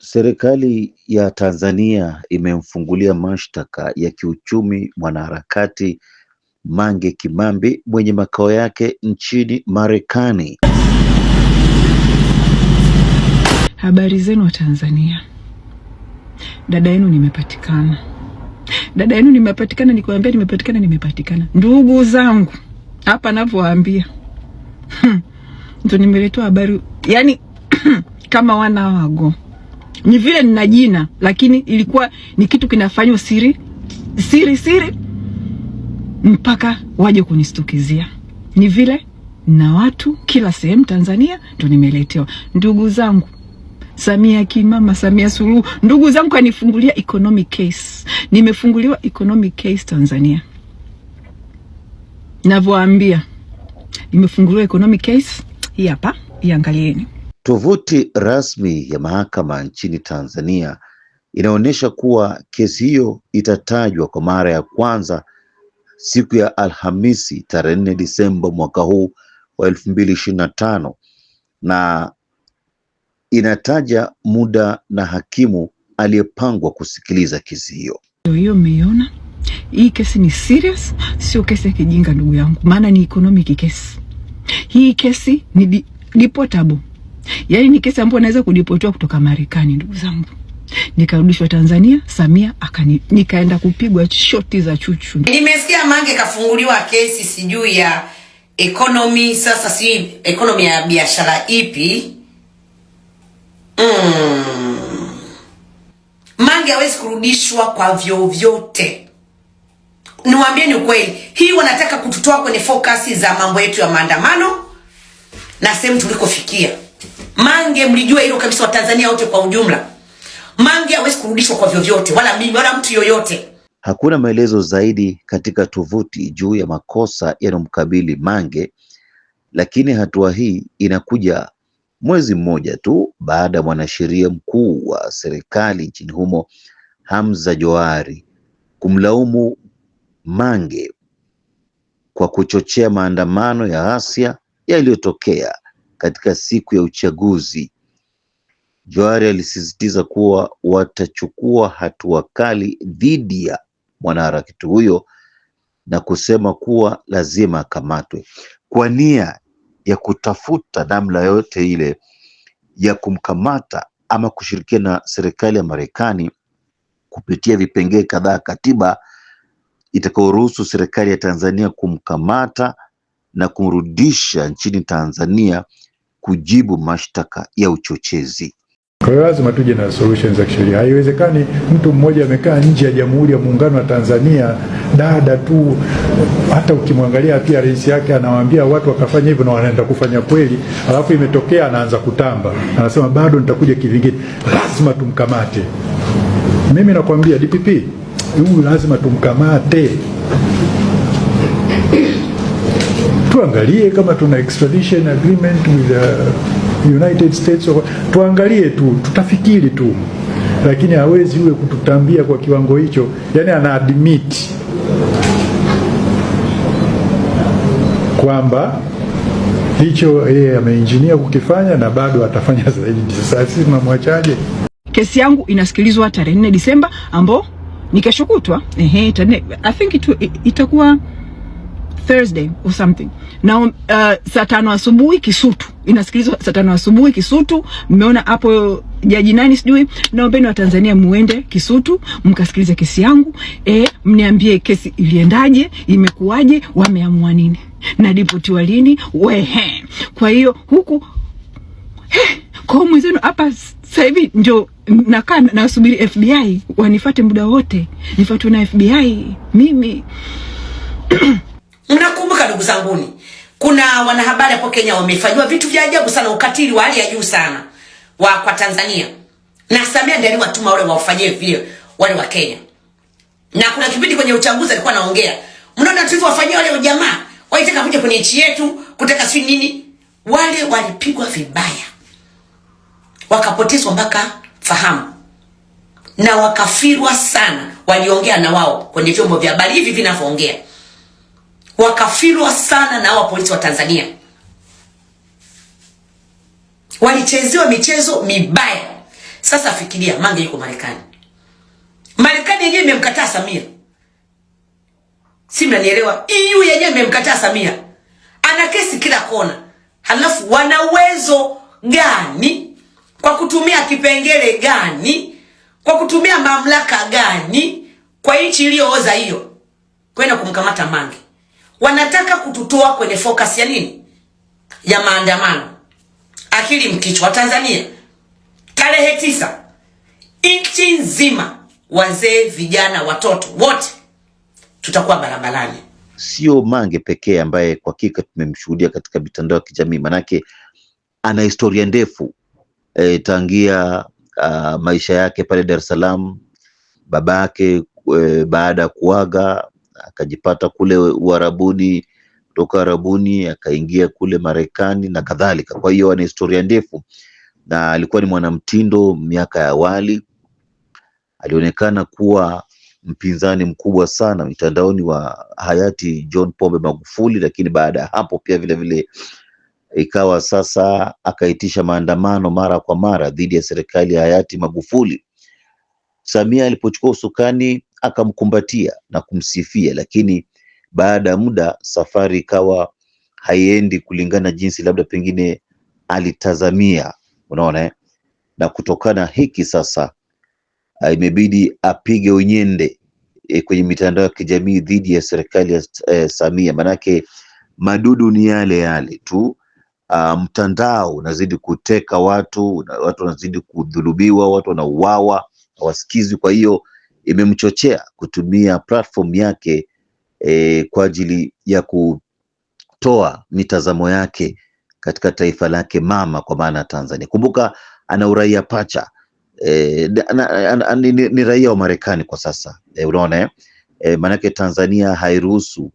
Serikali ya Tanzania imemfungulia mashtaka ya kiuchumi mwanaharakati Mange Kimambi mwenye makao yake nchini Marekani. Habari zenu wa Tanzania, dada yenu nimepatikana, dada yenu nimepatikana, nikiwaambia nimepatikana, nimepatikana. Ndugu zangu hapa navyowaambia hm. ndo nimeletwa habari yani kama wana wago ni vile nina jina, lakini ilikuwa ni kitu kinafanywa siri siri siri mpaka waje kunistukizia. Ni vile na watu kila sehemu Tanzania ndo nimeletewa. Ndugu zangu, Samia kimama, Samia Suluhu, ndugu zangu kanifungulia economic case, nimefunguliwa economic case Tanzania navyoambia, nimefunguliwa economic case hii hapa, iangalieni. Tovuti rasmi ya mahakama nchini Tanzania inaonyesha kuwa kesi hiyo itatajwa kwa mara ya kwanza siku ya Alhamisi tarehe 4 Disemba mwaka huu wa elfu na na inataja muda na hakimu aliyepangwa kusikiliza kesi hiyo. Hiyo mmeiona, hii kesi ni serious, sio kesi ya kijinga ndugu yangu, maana ni economic case. Hii kesi ni deportable Yaani ni kesi ambayo naweza kudipotiwa kutoka Marekani, ndugu zangu, nikarudishwa Tanzania, Samia akani, nikaenda kupigwa shoti za chuchu. Nimesikia Mange kafunguliwa kesi sijui ya ekonomi sasa si ekonomi ya biashara ipi? Mm. Mange hawezi kurudishwa kwa vyovyote. ni ukweli, hii wanataka kututoa kwenye fokasi za mambo yetu ya maandamano na sehemu tulikofikia. Mange mlijua hilo kabisa, Watanzania wote kwa ujumla. Mange hawezi kurudishwa kwa vyovyote, wala mimi wala mtu yoyote. Hakuna maelezo zaidi katika tovuti juu ya makosa yanayomkabili Mange, lakini hatua hii inakuja mwezi mmoja tu baada ya mwanasheria mkuu wa serikali nchini humo Hamza Johari kumlaumu Mange kwa kuchochea maandamano ya ghasia yaliyotokea katika siku ya uchaguzi. Johari alisisitiza kuwa watachukua hatua kali dhidi ya mwanaharakati huyo na kusema kuwa lazima akamatwe kwa nia ya kutafuta namna yote ile ya kumkamata ama kushirikiana na serikali ya Marekani kupitia vipengee kadhaa katiba itakayoruhusu serikali ya Tanzania kumkamata na kumrudisha nchini Tanzania kujibu mashtaka ya uchochezi. Kwa hiyo lazima tuje na solution za kisheria. Haiwezekani mtu mmoja amekaa nje ya Jamhuri ya Muungano wa Tanzania, dada tu. Hata ukimwangalia pia rais yake, anawaambia watu wakafanya hivyo na wanaenda kufanya kweli, alafu imetokea anaanza kutamba, anasema bado nitakuja kivingine. Lazima tumkamate. Mimi nakwambia DPP, huyu lazima tumkamate. tuangalie kama tuna extradition agreement with the uh, United States, tuangalie tu, tutafikiri tu, lakini hawezi uwe kututambia kwa kiwango hicho. Yani ana admit kwamba hicho yeye ameinjinia kukifanya na bado atafanya zaidi. Sasa sisi tunamwachaje? Kesi yangu inasikilizwa tarehe 4 Disemba ambao ni kesho kutwa. Ehe, tarehe I think itakuwa Thursday or something na uh, saa tano asubuhi Kisutu inasikilizwa saa tano asubuhi Kisutu. Mmeona hapo jaji nani sijui. Naombeni wa Tanzania muende Kisutu mkasikilize kesi yangu e, mniambie kesi iliendaje, imekuwaje, wameamua nini na dipotiwa lini wehe. Kwa hiyo huku kwa mwenzenu hapa sasa hivi ndio nakaa nasubiri FBI wanifate muda wote, nifatwe na FBI mimi Mnakumbuka ndugu zanguni, kuna wanahabari hapo Kenya wamefanyiwa vitu vya ajabu sana, ukatili wa hali ya juu sana wa kwa Tanzania, na Samia ndiye aliwatuma wale wafanyie vile wale wa Kenya. Na kuna kipindi kwenye uchaguzi alikuwa anaongea, mnaona tulivyo wafanyia wale ujamaa waitaka kuja kwenye nchi yetu kutaka si nini, wale walipigwa vibaya, wakapotezwa mpaka fahamu na wakafirwa sana, waliongea na wao kwenye vyombo vya habari hivi vinavyoongea wakafilwa sana na hawa polisi wa Tanzania, walichezewa michezo mibaya. Sasa fikiria, Mange yuko Marekani, Marekani yenyewe imemkataa Samia, si mnanielewa? EU yenyewe imemkataa Samia, ana kesi kila kona, halafu wana uwezo gani? Kwa kutumia kipengele gani? Kwa kutumia mamlaka gani? Kwa nchi iliyooza hiyo kwenda kumkamata Mange? wanataka kututoa kwenye focus ya nini, ya maandamano. Akili mkichwa Tanzania, tarehe tisa, nchi nzima, wazee, vijana, watoto wote tutakuwa barabarani. Sio Mange pekee ambaye kwa hakika tumemshuhudia katika mitandao ya kijamii, manake ana historia ndefu e, tangia a, maisha yake pale Dar es Salaam, babake e, baada ya kuaga akajipata kule Uarabuni, kutoka Arabuni akaingia kule Marekani na kadhalika. Kwa hiyo ana historia ndefu, na alikuwa ni mwanamtindo miaka ya awali. Alionekana kuwa mpinzani mkubwa sana mitandaoni wa hayati John Pombe Magufuli, lakini baada ya hapo pia vilevile ikawa sasa akaitisha maandamano mara kwa mara dhidi ya serikali ya hayati Magufuli. Samia alipochukua usukani akamkumbatia na kumsifia, lakini baada ya muda safari ikawa haiendi kulingana jinsi labda pengine alitazamia, unaona eh? Na kutokana hiki sasa ah, imebidi apige unyende e, kwenye mitandao ya kijamii dhidi ya serikali ya e, Samia, manake madudu ni yale yale tu. A, ah, mtandao unazidi kuteka watu, watu wanazidi kudhulumiwa, watu wanauawa, hawasikizwi. Kwa hiyo imemchochea kutumia platform yake e, kwa ajili ya kutoa mitazamo yake katika taifa lake mama kwa maana Tanzania. Kumbuka ana uraia pacha e, ana, ana, ni, ni raia wa Marekani kwa sasa e, unaona eh? e, maanake Tanzania hairuhusu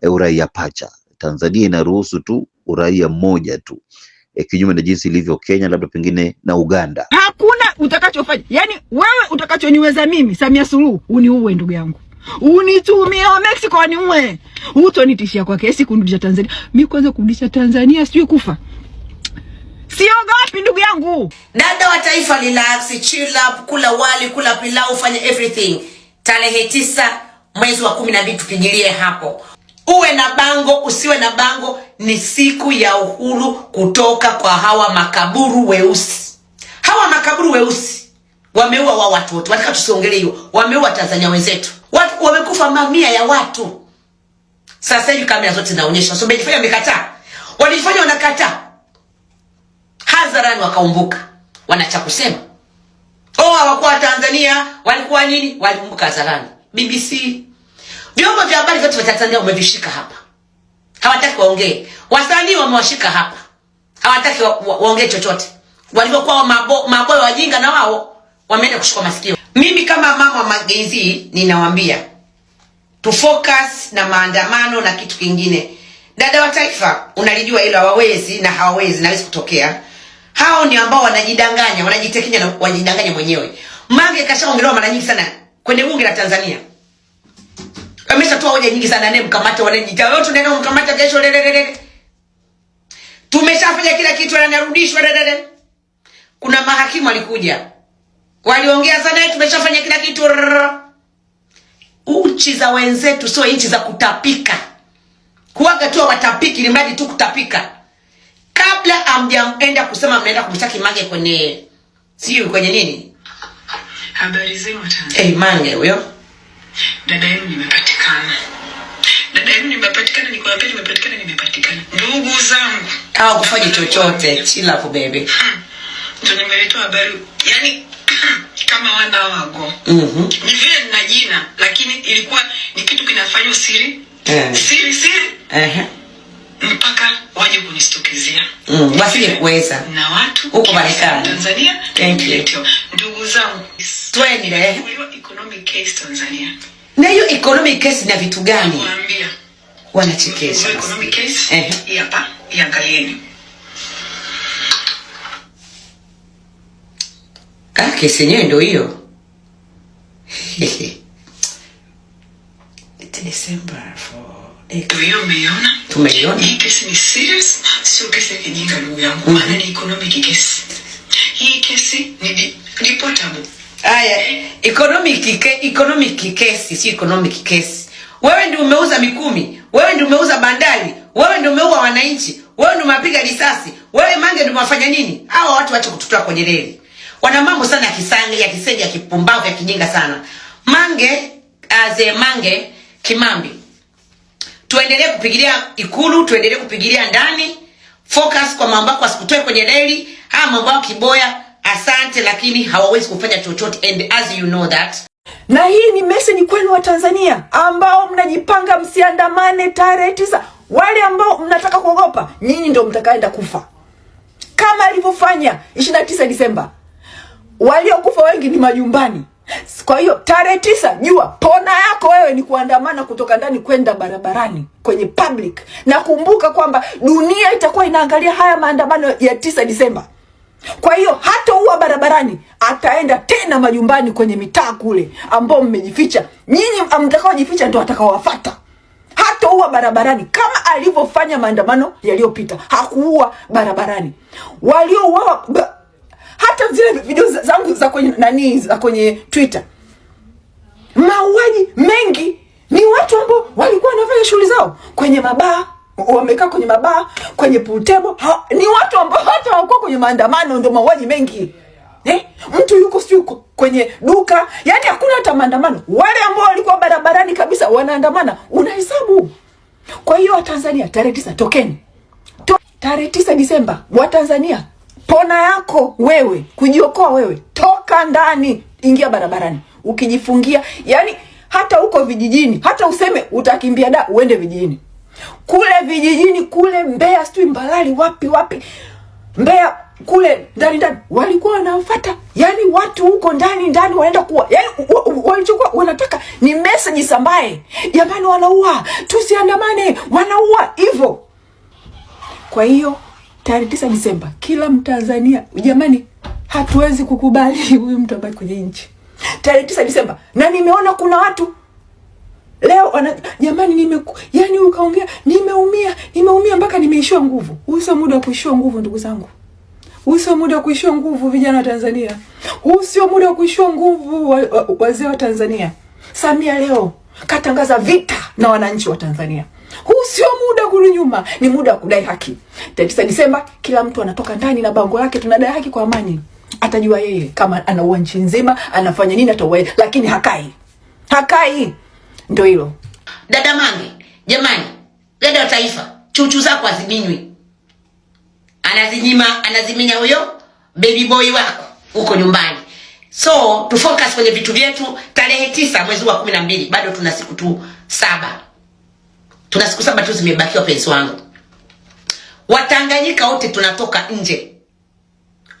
e, uraia pacha. Tanzania inaruhusu tu uraia mmoja tu e, kinyume na jinsi ilivyo Kenya labda pengine na Uganda. Hapo utakachofanya, yani wewe utakachoniweza mimi Samia Suluhu, uniue ndugu yangu, unitumie wa Mexico aniue, utonitishia kwa kesi kunirudisha Tanzania. Mi kwanza kurudisha Tanzania sijui kufa Siogopi ndugu yangu. Dada wa Taifa, relax, chill up, kula wali, kula pilau, fanya everything. Tarehe tisa mwezi wa kumi na mbili tupigilie hapo, uwe na bango usiwe na bango, ni siku ya uhuru kutoka kwa hawa makaburu weusi. Hawa makaburu weusi wameua wa watu wote, wataka tusiongelee hiyo. Wameua Tanzania wenzetu, watu wamekufa, mamia ya watu. Sasa hivi kamera zote zinaonyesha, so wamejifanya wamekataa, walijifanya wanakataa hadharani, wakaumbuka, wana cha kusema. Oh, hawakuwa Tanzania, walikuwa nini? Walikumbuka hadharani. BBC, vyombo vya habari vyote vya Tanzania umevishika hapa, hawataki waongee. Wasanii wamewashika hapa, hawataki waongee wa, chochote walivyokuwa maboyo wajinga, na wao wameenda kushika masikio. Mimi kama mama wa mageuzi ninawaambia focus na maandamano na kitu kingine. Dada wa taifa unalijua hilo, hawawezi na hawawezi, na nawezi kutokea. Hao ni ambao wanajidanganya, wanajitekenya na wanajidanganya mwenyewe. Mange kashaongelewa mara nyingi sana kwenye bunge la Tanzania, Amesha toa hoja nyingi sana, naye mkamate, wanajita leo tunaenda kumkamata kesho, lelelele, tumeshafanya kila kitu, na anarudishwa lelelele kuna mahakimu walikuja waliongea sana, eh, tumeshafanya kila kitu. Nchi za wenzetu sio nchi za kutapika, kuwaga tu watapiki, ili mradi tu kutapika. Kabla amjaenda kusema mnaenda kumshtaki Mange kwenye sijui kwenye nini, habari zenu Tanzania. Hey, eh, Mange huyo dada yenu nimepatikana, dada yenu nimepatikana, niko wapi? Nimepatikana, nimepatikana ndugu zangu, hawakufanya chochote. Chill out baby. Hmm ndo nimeletwa habari yani kama wana wako mm -hmm. Ni vile nina jina lakini ilikuwa ni kitu kinafanywa siri eh. siri siri eh. mpaka waje kunistukizia mm. wasije kuweza na watu huko Marekani Tanzania. Thank you ndugu zangu, twende tuendelee economic case Tanzania. Na hiyo economic case na vitu gani? wanachekesha economic case eh. Hapa iangalieni kesi yenyewe ndio hiyo. December Tumeiona. Hii kesi ni serious, sio kesi ya kijinga ndugu yangu. Mm -hmm. ni economic case. Hii kesi ni reportable. Aya, economic case, economic case, economic case. Wewe ndio umeuza Mikumi, wewe ndio umeuza bandari, wewe ndio umeua wananchi, wewe ndio umepiga risasi, wewe Mange ndio umefanya nini? awa watu wacha kututoa kwenye reli. Wana mambo sana ya kisanga ya kisenge ya kipumbavu ya kijinga sana. Mange aze eh, Mange Kimambi, tuendelee kupigilia Ikulu, tuendelee kupigilia ndani, focus kwa mambo yako, asikutoe kwenye deli Haya mambo yako kiboya, asante, lakini hawawezi kufanya chochote, and as you know that na hii ni message kwenu wa Tanzania ambao mnajipanga msiandamane tarehe tisa. Wale ambao mnataka kuogopa, nyinyi ndio mtakaenda kufa kama alivyofanya 29 Disemba waliokufa wengi ni majumbani. Kwa hiyo tarehe tisa, jua pona yako wewe ni kuandamana kutoka ndani kwenda barabarani kwenye public, na kumbuka kwamba dunia itakuwa inaangalia haya maandamano ya tisa Disemba. Kwa hiyo hata huwa barabarani ataenda tena majumbani kwenye mitaa kule ambao mmejificha nyinyi, mtakaojificha ndio atakawafata Hata huwa barabarani kama alivyofanya maandamano yaliyopita, hakuua barabarani. Waliouawa hata zile video zangu za kwenye nani za kwenye Twitter, mauaji mengi ni watu ambao walikuwa wanafanya shughuli zao kwenye mabaa, wamekaa kwenye mabaa, kwenye pool table. Ni watu ambao hata hawakuwa kwenye maandamano, ndio mauaji mengi eh? Mtu yuko si yuko kwenye duka, yani hakuna hata maandamano. Wale ambao walikuwa barabarani kabisa wanaandamana unahesabu. Kwa hiyo Watanzania, tarehe tisa tokeni, tarehe tisa Disemba Watanzania pona yako wewe, kujiokoa wewe, toka ndani, ingia barabarani, ukijifungia yani hata huko vijijini, hata useme utakimbia da uende vijijini, kule vijijini kule Mbeya, sijui Mbalali, wapi wapi, Mbeya kule ndani ndani, walikuwa wanafuata, yani watu huko ndani ndani wanaenda kuwa yani walichukua, wanataka ni message sambaye, jamani, wanaua, tusiandamane, wanaua hivyo. Kwa hiyo tarehe tisa Disemba, kila Mtanzania jamani, hatuwezi kukubali huyu mtu ambaye kwenye nchi tarehe tisa Disemba. Na nimeona kuna watu leo wana jamani, nime yani, ukaongea nimeumia, nimeumia mpaka nimeishiwa nguvu. Huu sio muda wa kuishiwa nguvu, ndugu zangu. Huu sio muda wa kuishiwa nguvu, vijana wa Tanzania. Huu sio muda wa kuishiwa nguvu, wazee wa, wa, wa Tanzania. Samia leo katangaza vita na wananchi wa Tanzania. Huu sio muda kurudi nyuma, ni muda wa kudai haki. Tarehe tisa Disemba kila mtu anatoka ndani na bango lake, tunadai haki kwa amani. Atajua yeye kama anaua nchi nzima, anafanya nini, ataua lakini hakai, hakai. Ndio hilo dada Mange. Jamani, dada wa taifa, chuchu zako hazidinywi, anazinyima anaziminya huyo baby boy wako huko nyumbani. So tufocus kwenye vitu vyetu. Tarehe tisa mwezi wa kumi na mbili, bado tuna siku tu saba. Tuna siku saba tu zimebakia, wapenzi wangu. Watanganyika wote tunatoka nje.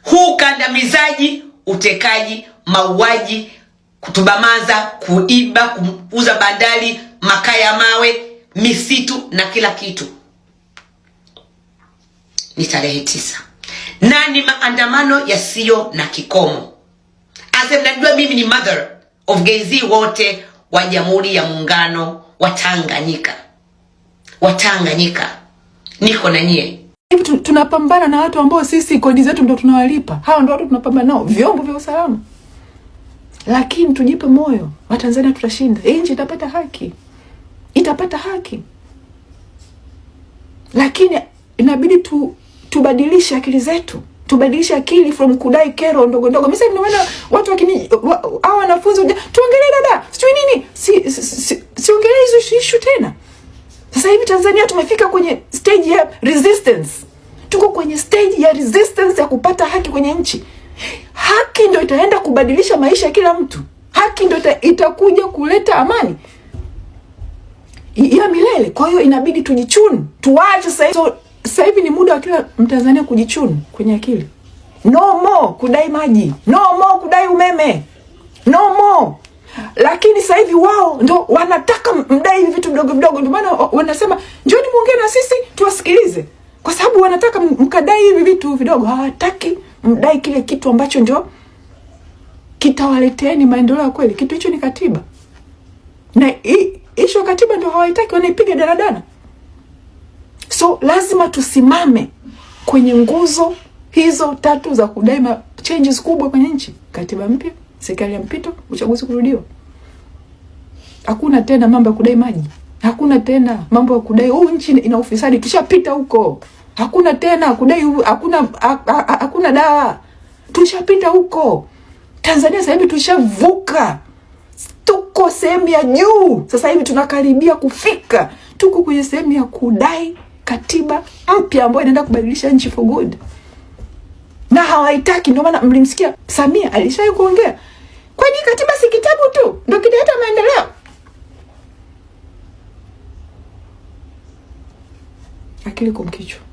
Huu kandamizaji, utekaji, mauaji, kutubamaza, kuiba, kuuza bandari, makaa ya mawe, misitu na kila kitu. Ni tarehe tisa na ni maandamano yasiyo na kikomo. Ase, mnajua mimi ni mother of Gen wote wa Jamhuri ya Muungano wa Tanganyika. Watanganyika, niko na nyie. hivi. Tunapambana na watu ambao sisi kodi zetu ndo tunawalipa. Hawa ndo watu tunapambana nao, vyombo vya usalama. Lakini tujipe moyo, Watanzania tutashinda. hii Nchi itapata haki, itapata haki, lakini inabidi tu tubadilishe akili zetu, tubadilishe akili from kudai kero ndogo ndogo. Mimi nimeona watu wakini hawa wanafunzi tuongelee dada sijui nini, si si, si, si, si, hizo issue tena sasa hivi Tanzania tumefika kwenye stage ya resistance, tuko kwenye stage ya resistance ya kupata haki kwenye nchi. Haki ndio itaenda kubadilisha maisha ya kila mtu, haki ndio itakuja kuleta amani ya milele. Kwa hiyo inabidi tujichuni, tuwache sasa hivi. So, sasa hivi ni muda wa kila Mtanzania kujichuni kwenye akili. No more kudai maji, no more kudai umeme, no more lakini sasa hivi wao ndo wanataka mdai hivi vitu vidogo vidogo, ndio maana wanasema njoni muongee na sisi tuwasikilize, kwa sababu wanataka mkadai hivi vitu vidogo, hawataki mdai kile kitu ambacho ndio kitawaleteni maendeleo ya kweli. Kitu hicho ni katiba, na hicho katiba ndio hawaitaki, wanaipiga daladala. So lazima tusimame kwenye nguzo hizo tatu za kudai changes kubwa kwenye nchi: katiba mpya serikali ya mpito, uchaguzi kurudiwa. Hakuna tena mambo ya kudai maji, hakuna tena mambo ya kudai huu nchi ina ufisadi, tushapita huko. Hakuna tena kudai, hakuna hakuna dawa, tushapita huko. Tanzania sasa hivi tushavuka, tuko sehemu ya juu sasa hivi, tunakaribia kufika, tuko kwenye sehemu ya kudai katiba mpya ambayo inaenda kubadilisha nchi for good na hawaitaki. Ndio maana mlimsikia Samia alishai kuongea Kwani katiba si kitabu tu ndio kinaleta maendeleo? Akili kumkichwa.